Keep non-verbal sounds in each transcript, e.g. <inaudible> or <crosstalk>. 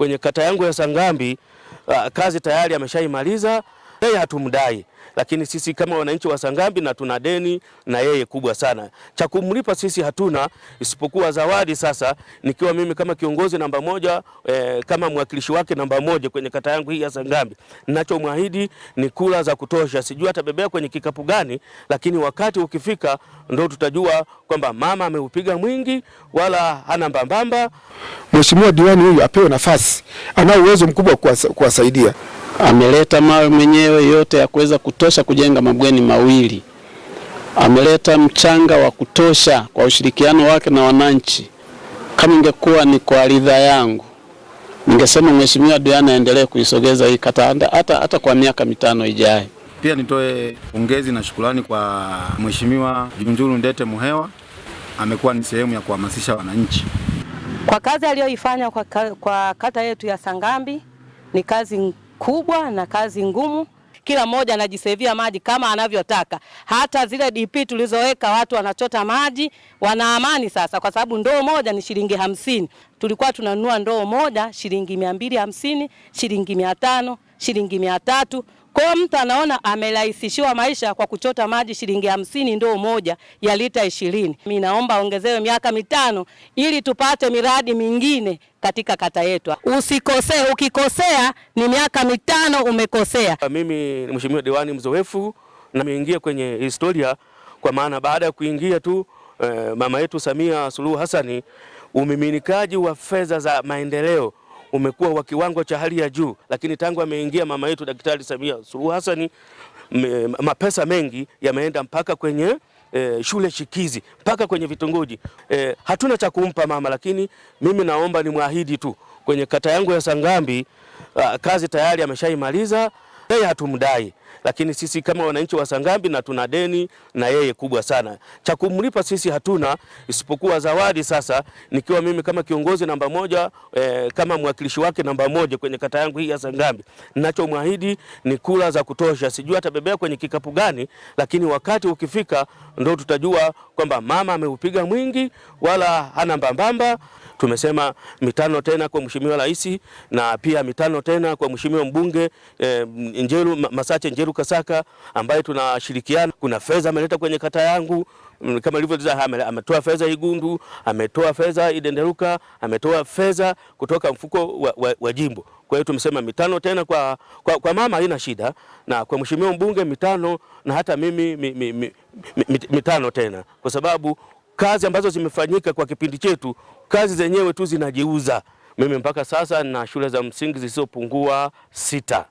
kwenye kata yangu ya Sangambi, uh, kazi tayari ameshaimaliza yeye hatumdai, lakini sisi kama wananchi wa Sangambi na tuna deni na yeye kubwa sana, cha kumlipa sisi hatuna, isipokuwa zawadi. Sasa nikiwa mimi kama kiongozi namba moja e, kama mwakilishi wake namba moja kwenye kata yangu hii ya Sangambi, ninachomwahidi ni kula za kutosha. Sijui atabebea kwenye kikapu gani, lakini wakati ukifika ndo tutajua kwamba mama ameupiga mwingi wala hana mbambamba. Mheshimiwa diwani huyu apewe nafasi, ana uwezo mkubwa kuwasaidia ameleta mawe mwenyewe yote ya kuweza kutosha kujenga mabweni mawili. Ameleta mchanga wa kutosha kwa ushirikiano wake na wananchi. Kama ingekuwa ni kwa ridha yangu, ningesema Mheshimiwa Diana aendelee kuisogeza hii kata hata hata kwa miaka mitano ijayo. Pia nitoe pongezi na shukrani kwa Mheshimiwa Junjuru Ndete Muhewa, amekuwa ni sehemu ya kuhamasisha wananchi kwa kazi aliyoifanya kwa, kwa kata yetu ya Sangambi ni kazi kubwa na kazi ngumu. Kila mmoja anajisevia maji kama anavyotaka. Hata zile DP tulizoweka watu wanachota maji, wana amani sasa, kwa sababu ndoo moja ni shilingi hamsini. Tulikuwa tunanunua ndoo moja shilingi mia mbili hamsini, shilingi mia tano, shilingi mia tatu. Kwa mtu anaona amerahisishiwa maisha kwa kuchota maji shilingi hamsini ndoo moja ya lita ishirini. Mimi naomba ongezewe miaka mitano ili tupate miradi mingine katika kata yetu. Usikosee, ukikosea ni miaka mitano umekosea. Mimi ni mheshimiwa diwani mzoefu na nimeingia kwenye historia kwa maana baada ya kuingia tu eh, mama yetu Samia Suluhu Hassani umiminikaji wa fedha za maendeleo umekuwa wa kiwango cha hali ya juu, lakini tangu ameingia mama yetu Daktari Samia Suluhu Hassan mapesa mengi yameenda mpaka kwenye E, shule shikizi mpaka kwenye vitongoji e, hatuna cha kumpa mama, lakini mimi naomba nimwahidi tu kwenye kata yangu ya Sangambi a, kazi tayari ameshaimaliza, yeye hatumdai lakini sisi kama wananchi wa Sangambi na tuna deni na yeye kubwa sana, cha kumlipa sisi hatuna isipokuwa zawadi. Sasa nikiwa mimi kama kiongozi namba moja e, kama mwakilishi wake namba moja kwenye kata yangu hii ya Sangambi, ninachomwahidi ni kula za kutosha. Sijui atabebea kwenye kikapu gani, lakini wakati ukifika ndo tutajua kwamba mama ameupiga mwingi wala hana mbambamba. Tumesema mitano tena kwa mheshimiwa rais na pia mitano tena kwa mheshimiwa mbunge eh, Njeru Masache Njeru Kasaka ambaye tunashirikiana. Kuna fedha ameleta kwenye kata yangu mm, kama ilivyo, ametoa fedha Igundu, ametoa fedha Idenderuka, ametoa fedha kutoka mfuko wa, wa, wa jimbo. Kwa hiyo tumesema mitano tena kwa, kwa, kwa mama haina shida, na kwa mheshimiwa mbunge mitano, na hata mimi mi, mi, mi, mitano tena kwa sababu kazi ambazo zimefanyika kwa kipindi chetu, kazi zenyewe tu zinajiuza. Mimi mpaka sasa na shule za msingi zisizopungua sita.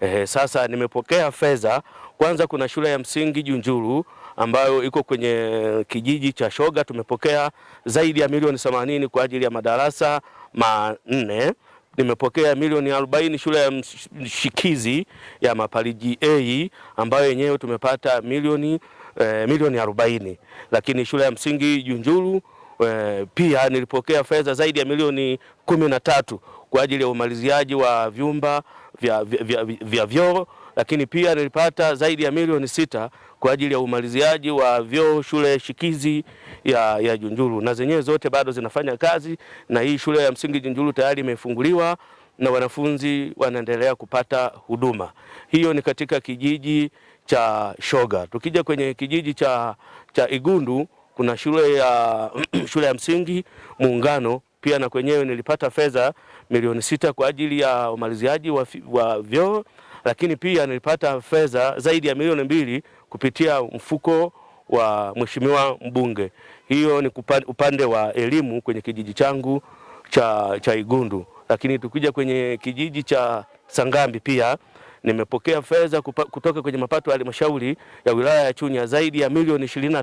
Eh, sasa nimepokea fedha kwanza. Kuna shule ya msingi Junjuru ambayo iko kwenye kijiji cha Shoga, tumepokea zaidi ya milioni 80 kwa ajili ya madarasa manne. Nimepokea milioni arobaini shule ya mshikizi ya Mapaliji A ambayo yenyewe tumepata milioni e, milioni arobaini, lakini shule ya msingi Junjuru e, pia nilipokea fedha zaidi ya milioni kumi na tatu kwa ajili ya umaliziaji wa vyumba vya, vya, vya, vya vyoo lakini pia nilipata zaidi ya milioni sita kwa ajili ya umaliziaji wa vyoo shule shikizi ya, ya Junjuru, na zenyewe zote bado zinafanya kazi, na hii shule ya msingi Junjuru tayari imefunguliwa na wanafunzi wanaendelea kupata huduma. Hiyo ni katika kijiji cha Shoga. Tukija kwenye kijiji cha, cha Igundu kuna shule ya, <clears throat> shule ya msingi Muungano pia na kwenyewe nilipata fedha milioni sita kwa ajili ya umaliziaji wa, wa vyoo, lakini pia nilipata fedha zaidi ya milioni mbili kupitia mfuko wa mheshimiwa mbunge. Hiyo ni upande wa elimu kwenye kijiji changu cha, cha Igundu, lakini tukija kwenye kijiji cha Sangambi pia nimepokea fedha kutoka kwenye mapato ya halmashauri ya wilaya ya Chunya zaidi ya milioni ishirini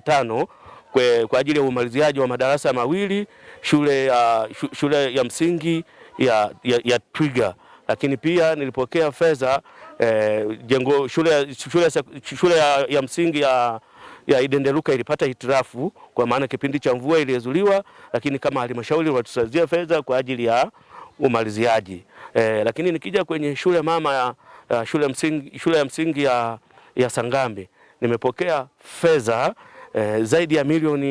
kwe, kwa ajili ya umaliziaji wa madarasa mawili shule ya, shule ya msingi ya, ya, ya Twiga lakini pia nilipokea fedha eh, jengo shule, shule, shule ya, ya msingi ya, ya Idendeluka ilipata hitirafu kwa maana kipindi cha mvua iliyezuliwa, lakini kama halmashauri watusazia fedha kwa ajili ya umaliziaji eh, lakini nikija kwenye shule mama ya uh, shule, msingi, shule ya msingi ya, ya Sangambi nimepokea fedha eh, zaidi ya milioni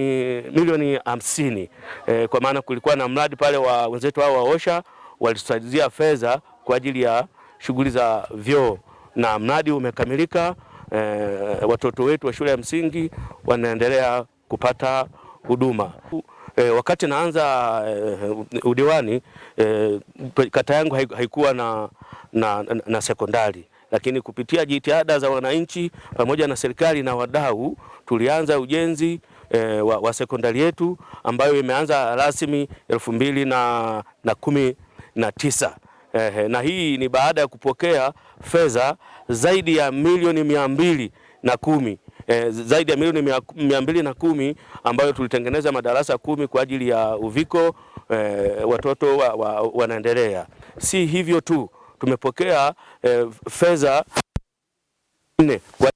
milioni hamsini eh, kwa maana kulikuwa na mradi pale wa wenzetu hao waosha walitusaidia fedha kwa ajili ya shughuli za vyoo na mradi umekamilika. Eh, watoto wetu wa shule ya msingi wanaendelea kupata huduma. E, wakati naanza e, udiwani e, kata yangu haikuwa na, na, na, na sekondari, lakini kupitia jitihada za wananchi pamoja na serikali na wadau tulianza ujenzi e, wa, wa sekondari yetu ambayo imeanza rasmi elfu mbili na, na kumi na tisa e, na hii ni baada ya kupokea fedha zaidi ya milioni mia mbili na kumi e, zaidi ya milioni mia mbili na kumi ambayo tulitengeneza madarasa kumi kwa ajili ya uviko e, watoto wa, wa, wanaendelea. Si hivyo tu, tumepokea e, fedha nne kwa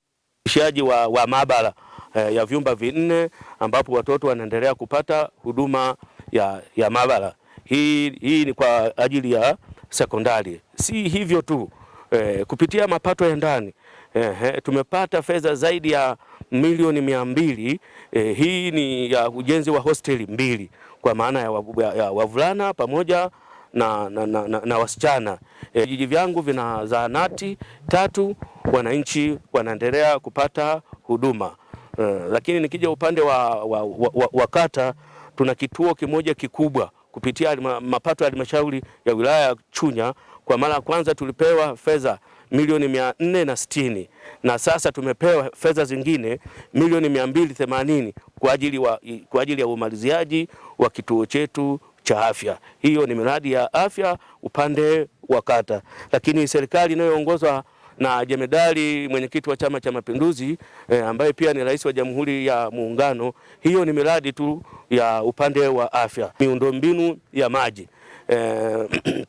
ishaji wa, wa maabara e, ya vyumba vinne ambapo watoto wanaendelea kupata huduma ya, ya maabara hii. Hii ni kwa ajili ya sekondari. Si hivyo tu e, kupitia mapato ya ndani Ehe, tumepata fedha zaidi ya milioni mia mbili. E, hii ni ya ujenzi wa hosteli mbili kwa maana ya, ya, ya wavulana pamoja na, na, na, na, na wasichana. E, vijiji e, vyangu vina zahanati tatu, wananchi wanaendelea kupata huduma e, lakini nikija upande wa, wa, wa, wa, wa kata tuna kituo kimoja kikubwa kupitia mapato ya halmashauri ya wilaya ya Chunya. Kwa mara ya kwanza tulipewa fedha milioni mia nne na sitini na sasa tumepewa fedha zingine milioni mia mbili themanini kwa ajili, wa, kwa ajili ya umaliziaji wa kituo chetu cha afya. Hiyo ni miradi ya afya upande wa kata, lakini serikali inayoongozwa na jemedari mwenyekiti wa Chama cha Mapinduzi eh, ambaye pia ni rais wa Jamhuri ya Muungano. Hiyo ni miradi tu ya upande wa afya. Miundombinu ya maji eh, <clears throat>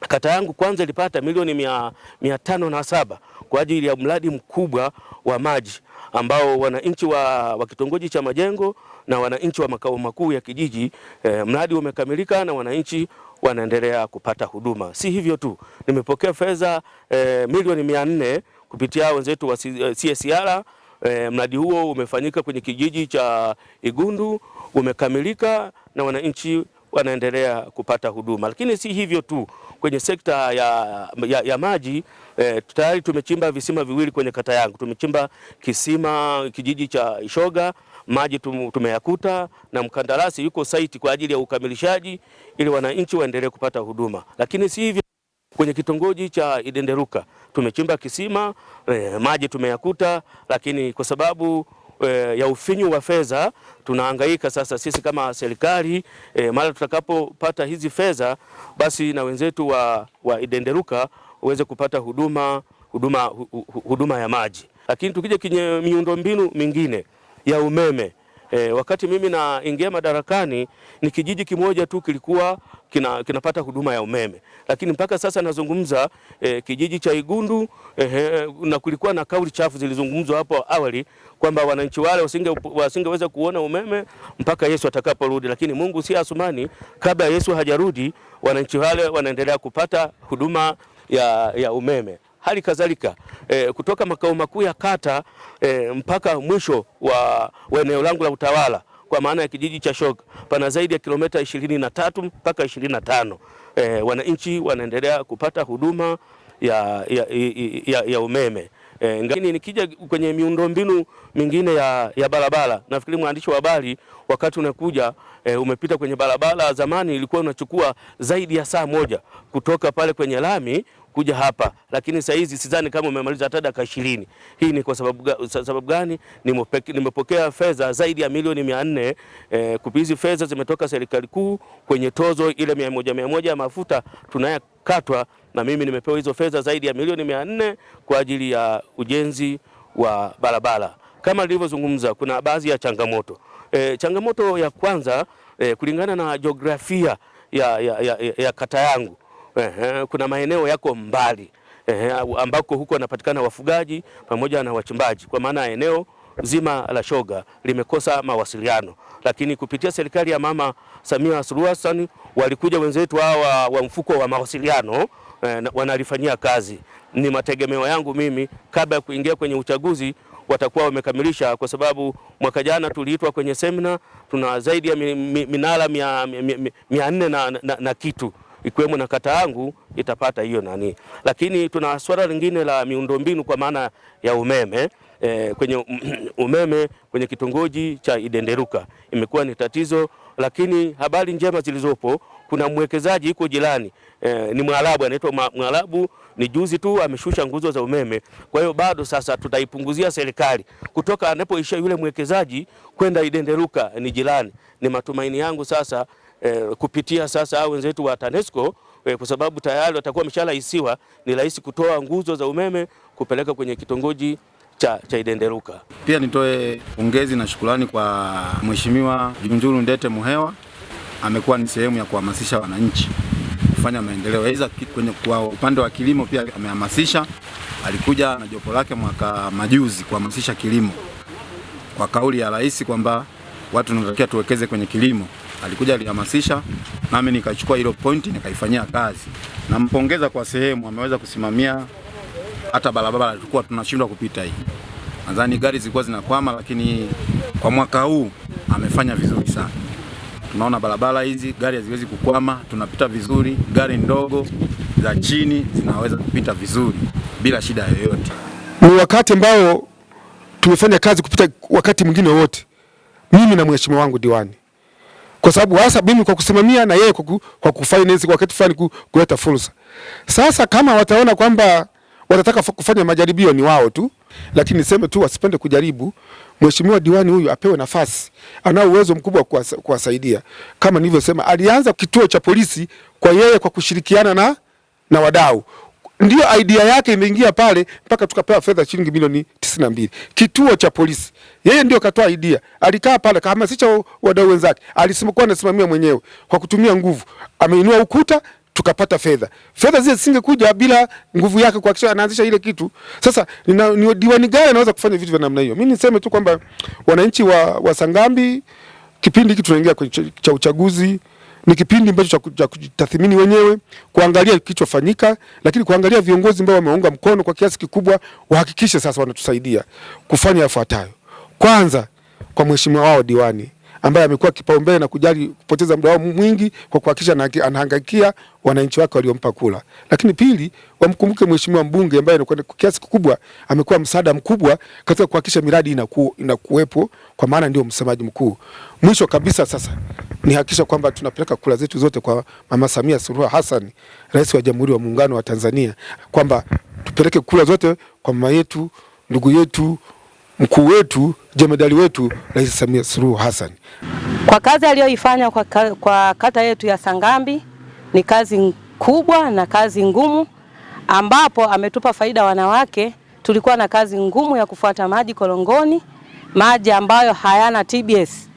kata yangu kwanza ilipata milioni mia, mia tano na saba kwa ajili ya mradi mkubwa wa maji ambao wananchi wa, wa kitongoji cha Majengo na wananchi wa makao makuu ya kijiji eh, mradi umekamilika na wananchi wanaendelea kupata huduma. Si hivyo tu, nimepokea fedha eh, milioni mia nne kupitia wenzetu wa CSR. Eh, eh, mradi huo umefanyika kwenye kijiji cha Igundu umekamilika na wananchi wanaendelea kupata huduma. Lakini si hivyo tu, kwenye sekta ya, ya, ya maji eh, tayari tumechimba visima viwili kwenye kata yangu. Tumechimba kisima kijiji cha Ishoga, maji tumeyakuta na mkandarasi yuko saiti kwa ajili ya ukamilishaji ili wananchi waendelee kupata huduma. Lakini si hivyo kwenye kitongoji cha Idenderuka tumechimba kisima eh, maji tumeyakuta, lakini kwa sababu e, ya ufinyu wa fedha tunahangaika sasa sisi kama serikali e, eh, mara tutakapopata hizi fedha basi na wenzetu wa, wa Idenderuka uweze kupata huduma, huduma, huduma ya maji. Lakini tukija kwenye miundombinu mingine ya umeme E, wakati mimi naingia madarakani ni kijiji kimoja tu kilikuwa kina, kinapata huduma ya umeme, lakini mpaka sasa nazungumza e, kijiji cha Igundu e, na kulikuwa na kauli chafu zilizungumzwa hapo awali kwamba wananchi wale wasinge, wasingeweza kuona umeme mpaka Yesu atakaporudi, lakini Mungu si Asumani, kabla Yesu hajarudi wananchi wale wanaendelea kupata huduma ya, ya umeme. Hali kadhalika e, kutoka makao makuu ya kata e, mpaka mwisho wa, eneo langu la utawala kwa maana ya kijiji cha Shoka pana zaidi ya kilomita ishirini na tatu mpaka ishirini na tano. E, wananchi wanaendelea kupata huduma ya, ya, ya, ya umeme. E, nikija kwenye miundombinu mingine ya, ya barabara, nafikiri mwandishi wa habari wakati unakuja e, umepita kwenye barabara. Zamani ilikuwa unachukua zaidi ya saa moja kutoka pale kwenye lami kuja hapa, lakini saa hizi sidhani kama umemaliza hata dakika ishirini. Hii ni kwa sababu, sababu gani? Nimepokea fedha zaidi ya milioni mia nne eh, kupizi fedha zimetoka serikali kuu kwenye tozo ile mia moja mia moja ya mafuta tunayokatwa, na mimi nimepewa hizo fedha zaidi ya milioni mia nne kwa ajili ya ujenzi wa barabara. Kama nilivyozungumza, kuna baadhi ya changamoto e, changamoto ya kwanza e, kulingana na jiografia ya, ya, ya, ya kata yangu Ehe, kuna maeneo yako mbali ehe, ambako huko wanapatikana wafugaji pamoja na wachimbaji, kwa maana eneo zima la Shoga limekosa mawasiliano, lakini kupitia serikali ya Mama Samia Suluhu Hassan walikuja wenzetu hawa wa mfuko wa mawasiliano eh, wanalifanyia kazi. Ni mategemeo yangu mimi kabla ya kuingia kwenye uchaguzi watakuwa wamekamilisha, kwa sababu mwaka jana tuliitwa kwenye semina, tuna zaidi ya minara mia nne na, na, na kitu ikiwemo na kata yangu itapata hiyo nani. Lakini tuna swala lingine la miundombinu kwa maana ya umeme e, kwenye um, <clears throat> umeme kwenye kitongoji cha Idenderuka imekuwa ni tatizo, lakini habari njema zilizopo kuna mwekezaji yuko jirani e, ni Mwarabu anaitwa Mwarabu, ni juzi tu ameshusha nguzo za umeme. Kwa hiyo bado sasa tutaipunguzia serikali kutoka anapoishia yule mwekezaji kwenda Idenderuka, ni jirani. Ni matumaini yangu sasa eh, kupitia sasa wenzetu wa TANESCO eh, kwa sababu tayari watakuwa wamesharahisiwa, ni rahisi kutoa nguzo za umeme kupeleka kwenye kitongoji cha, cha Idenderuka. Pia nitoe pongezi na shukrani kwa Mheshimiwa Junjuru Ndete Muhewa, amekuwa ni sehemu ya kuhamasisha wananchi kufanya maendeleo, aidha kwenye kwa upande wa kilimo pia amehamasisha. Alikuja na jopo lake mwaka majuzi kuhamasisha kilimo kwa kauli ya rais kwamba watu tunatakiwa tuwekeze kwenye kilimo alikuja alihamasisha, nami nikachukua hilo pointi nikaifanyia kazi. Nampongeza kwa sehemu ameweza kusimamia hata barabara tulikuwa tunashindwa kupita hii. Nadhani gari zilikuwa zinakwama, lakini kwa mwaka huu amefanya vizuri sana. Tunaona barabara hizi gari haziwezi kukwama, tunapita vizuri, gari ndogo za chini zinaweza kupita vizuri bila shida yoyote. Ni wakati ambao tumefanya kazi kupita wakati mwingine wote, mimi na mheshimiwa wangu diwani kwa sababu hasa mimi kwa kusimamia na yeye kwa kufinance kwa kitu fulani kuleta fursa. Sasa kama wataona kwamba watataka kufanya majaribio ni wao tu, lakini niseme tu wasipende kujaribu. Mheshimiwa diwani huyu apewe nafasi, ana uwezo mkubwa wa kuwasaidia. Kama nilivyosema, alianza kituo cha polisi kwa yeye kwa kushirikiana na, na wadau ndio idea yake imeingia pale mpaka tukapewa fedha shilingi milioni tisini na mbili. Kituo cha polisi yeye ndio katoa idea, alikaa pale kahamasisha wadau wenzake, alisimkuwa anasimamia mwenyewe kwa kutumia nguvu, ameinua ukuta tukapata fedha. Fedha zile zisingekuja bila nguvu yake kuhakikisha anaanzisha ile kitu. Sasa nina, ni diwani gani anaweza kufanya vitu vya namna hiyo? Mimi niseme tu kwamba wananchi wa, wa Sangambi kipindi hiki tunaingia cha uchaguzi ni kipindi ambacho cha kujitathmini wenyewe, kuangalia kilichofanyika, lakini kuangalia viongozi ambao wameunga mkono kwa kiasi kikubwa wahakikishe sasa wanatusaidia kufanya yafuatayo. Kwanza, kwa mheshimiwa wao diwani ambaye amekuwa kipaumbele na kujali kupoteza muda wao mwingi kwa kuhakikisha anahangaikia wananchi wake waliompa kula. Lakini pili, wamkumbuke mheshimiwa mbunge ambaye kwa kiasi kikubwa amekuwa msaada mkubwa katika kuhakikisha miradi inaku, inakuwepo kwa maana ndio msemaji mkuu. Mwisho kabisa sasa ni hakikisha kwamba tunapeleka kula zetu zote kwa Mama Samia Suluhu Hassan, Rais wa Jamhuri wa Muungano wa Tanzania, kwamba tupeleke kula zote kwa mama yetu, ndugu yetu mkuu wetu jemedali wetu Rais Samia Suluhu Hassan kwa kazi aliyoifanya kwa, kwa kata yetu ya Sangambi. Ni kazi kubwa na kazi ngumu, ambapo ametupa faida wanawake. Tulikuwa na kazi ngumu ya kufuata maji korongoni, maji ambayo hayana TBS,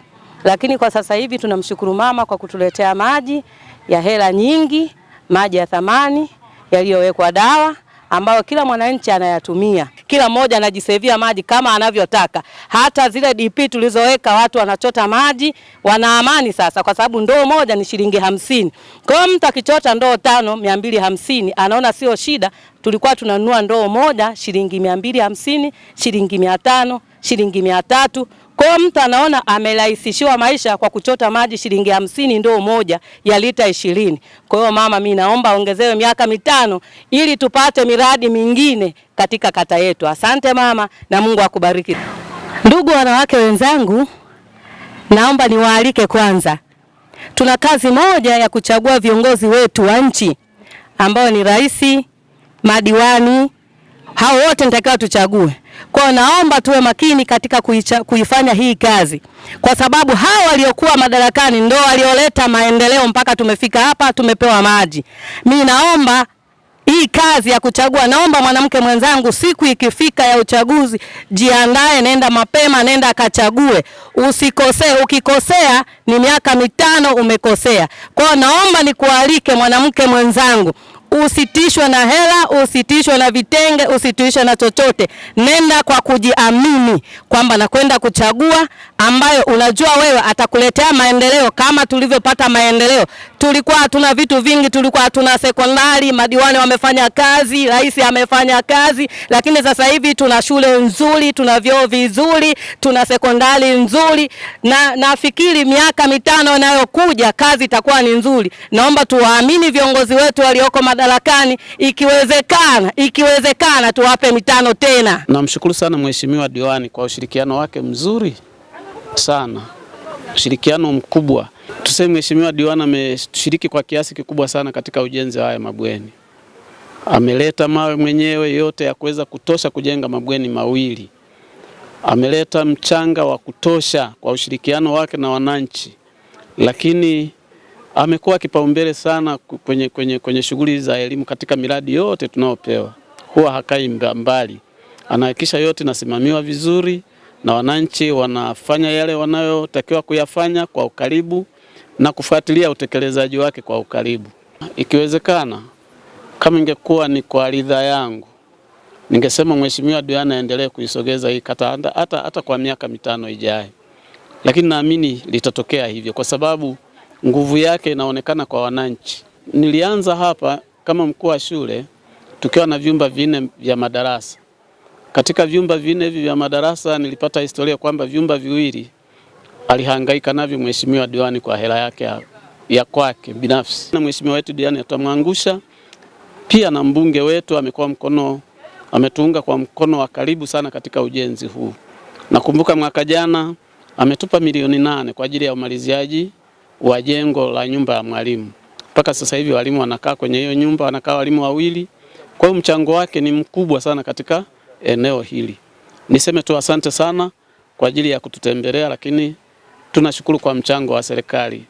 lakini kwa sasa hivi tunamshukuru mama kwa kutuletea maji ya hela nyingi, maji ya thamani yaliyowekwa dawa ambayo kila mwananchi anayatumia, kila mmoja anajisevia maji kama anavyotaka. Hata zile DP tulizoweka watu wanachota maji, wana amani sasa, kwa sababu ndoo moja ni shilingi hamsini. Kwa hiyo mtu akichota ndoo tano, mia mbili hamsini, anaona sio shida. Tulikuwa tunanunua ndoo moja shilingi mia mbili hamsini, shilingi mia tano, shilingi mia tatu. Kwa mtu anaona amerahisishiwa maisha kwa kuchota maji shilingi hamsini ndoo moja ya lita ishirini. Kwa hiyo mama, mi naomba ongezewe miaka mitano ili tupate miradi mingine katika kata yetu. Asante mama, na Mungu akubariki. Ndugu wanawake wenzangu, naomba niwaalike kwanza, tuna kazi moja ya kuchagua viongozi wetu wa nchi ambao ni rais, madiwani hao wote nitakiwa tuchague. Kwa naomba tuwe makini katika kuicha, kuifanya hii kazi, kwa sababu hao waliokuwa madarakani ndo walioleta maendeleo mpaka tumefika hapa, tumepewa maji. Mi naomba hii kazi ya kuchagua, naomba mwanamke mwenzangu, siku ikifika ya uchaguzi, jiandae, nenda mapema, nenda akachague, usikosee. Ukikosea ni miaka mitano umekosea. Kwa naomba nikualike mwanamke mwenzangu Usitishwe na hela, usitishwe na vitenge, usitishwe na chochote. Nenda kwa kujiamini kwamba nakwenda kuchagua ambayo unajua wewe atakuletea maendeleo kama tulivyopata maendeleo tulikuwa hatuna vitu vingi, tulikuwa hatuna sekondari, madiwani wamefanya kazi, rais amefanya kazi, lakini sasa hivi tuna shule nzuri, tuna vyoo vizuri, tuna sekondari nzuri, na nafikiri miaka mitano inayokuja kazi itakuwa ni nzuri. Naomba tuwaamini viongozi wetu walioko madarakani, ikiwezekana, ikiwezekana tuwape mitano tena. Namshukuru sana mheshimiwa diwani kwa ushirikiano wake mzuri sana, ushirikiano mkubwa Tuseme Mheshimiwa Diwani ameshiriki kwa kiasi kikubwa sana katika ujenzi wa haya mabweni. Ameleta mawe mwenyewe yote ya kuweza kutosha kujenga mabweni mawili. Ameleta mchanga wa kutosha kwa ushirikiano wake na wananchi, lakini amekuwa kipaumbele sana kwenye, kwenye, kwenye shughuli za elimu katika miradi yote tunayopewa. Huwa hakai mbali, anahakikisha yote inasimamiwa vizuri na wananchi wanafanya yale wanayotakiwa kuyafanya kwa ukaribu na kufuatilia utekelezaji wake kwa ukaribu. Ikiwezekana, kama ingekuwa ni kwa ridhaa yangu, ningesema Mheshimiwa Diwani aendelee kuisogeza hii kata hata hata kwa miaka mitano ijayo, lakini naamini litatokea hivyo kwa sababu nguvu yake inaonekana kwa wananchi. Nilianza hapa kama mkuu wa shule tukiwa na vyumba vinne vya madarasa. Katika vyumba vinne hivi vya madarasa nilipata historia kwamba vyumba viwili alihangaika navyo mheshimiwa diwani kwa hela yake ya, ya kwake binafsi, na mheshimiwa wetu diwani atamwangusha pia, na mbunge wetu amekuwa mkono ametuunga kwa mkono wa karibu sana katika ujenzi huu. Nakumbuka mwaka jana ametupa milioni nane kwa ajili ya umaliziaji wa jengo la nyumba ya mwalimu. Mpaka sasa hivi walimu wanakaa kwenye hiyo nyumba, wanakaa walimu wawili. Kwa hiyo mchango wake ni mkubwa sana katika eneo hili. Niseme tu asante sana kwa ajili ya kututembelea, lakini Tunashukuru kwa mchango wa serikali.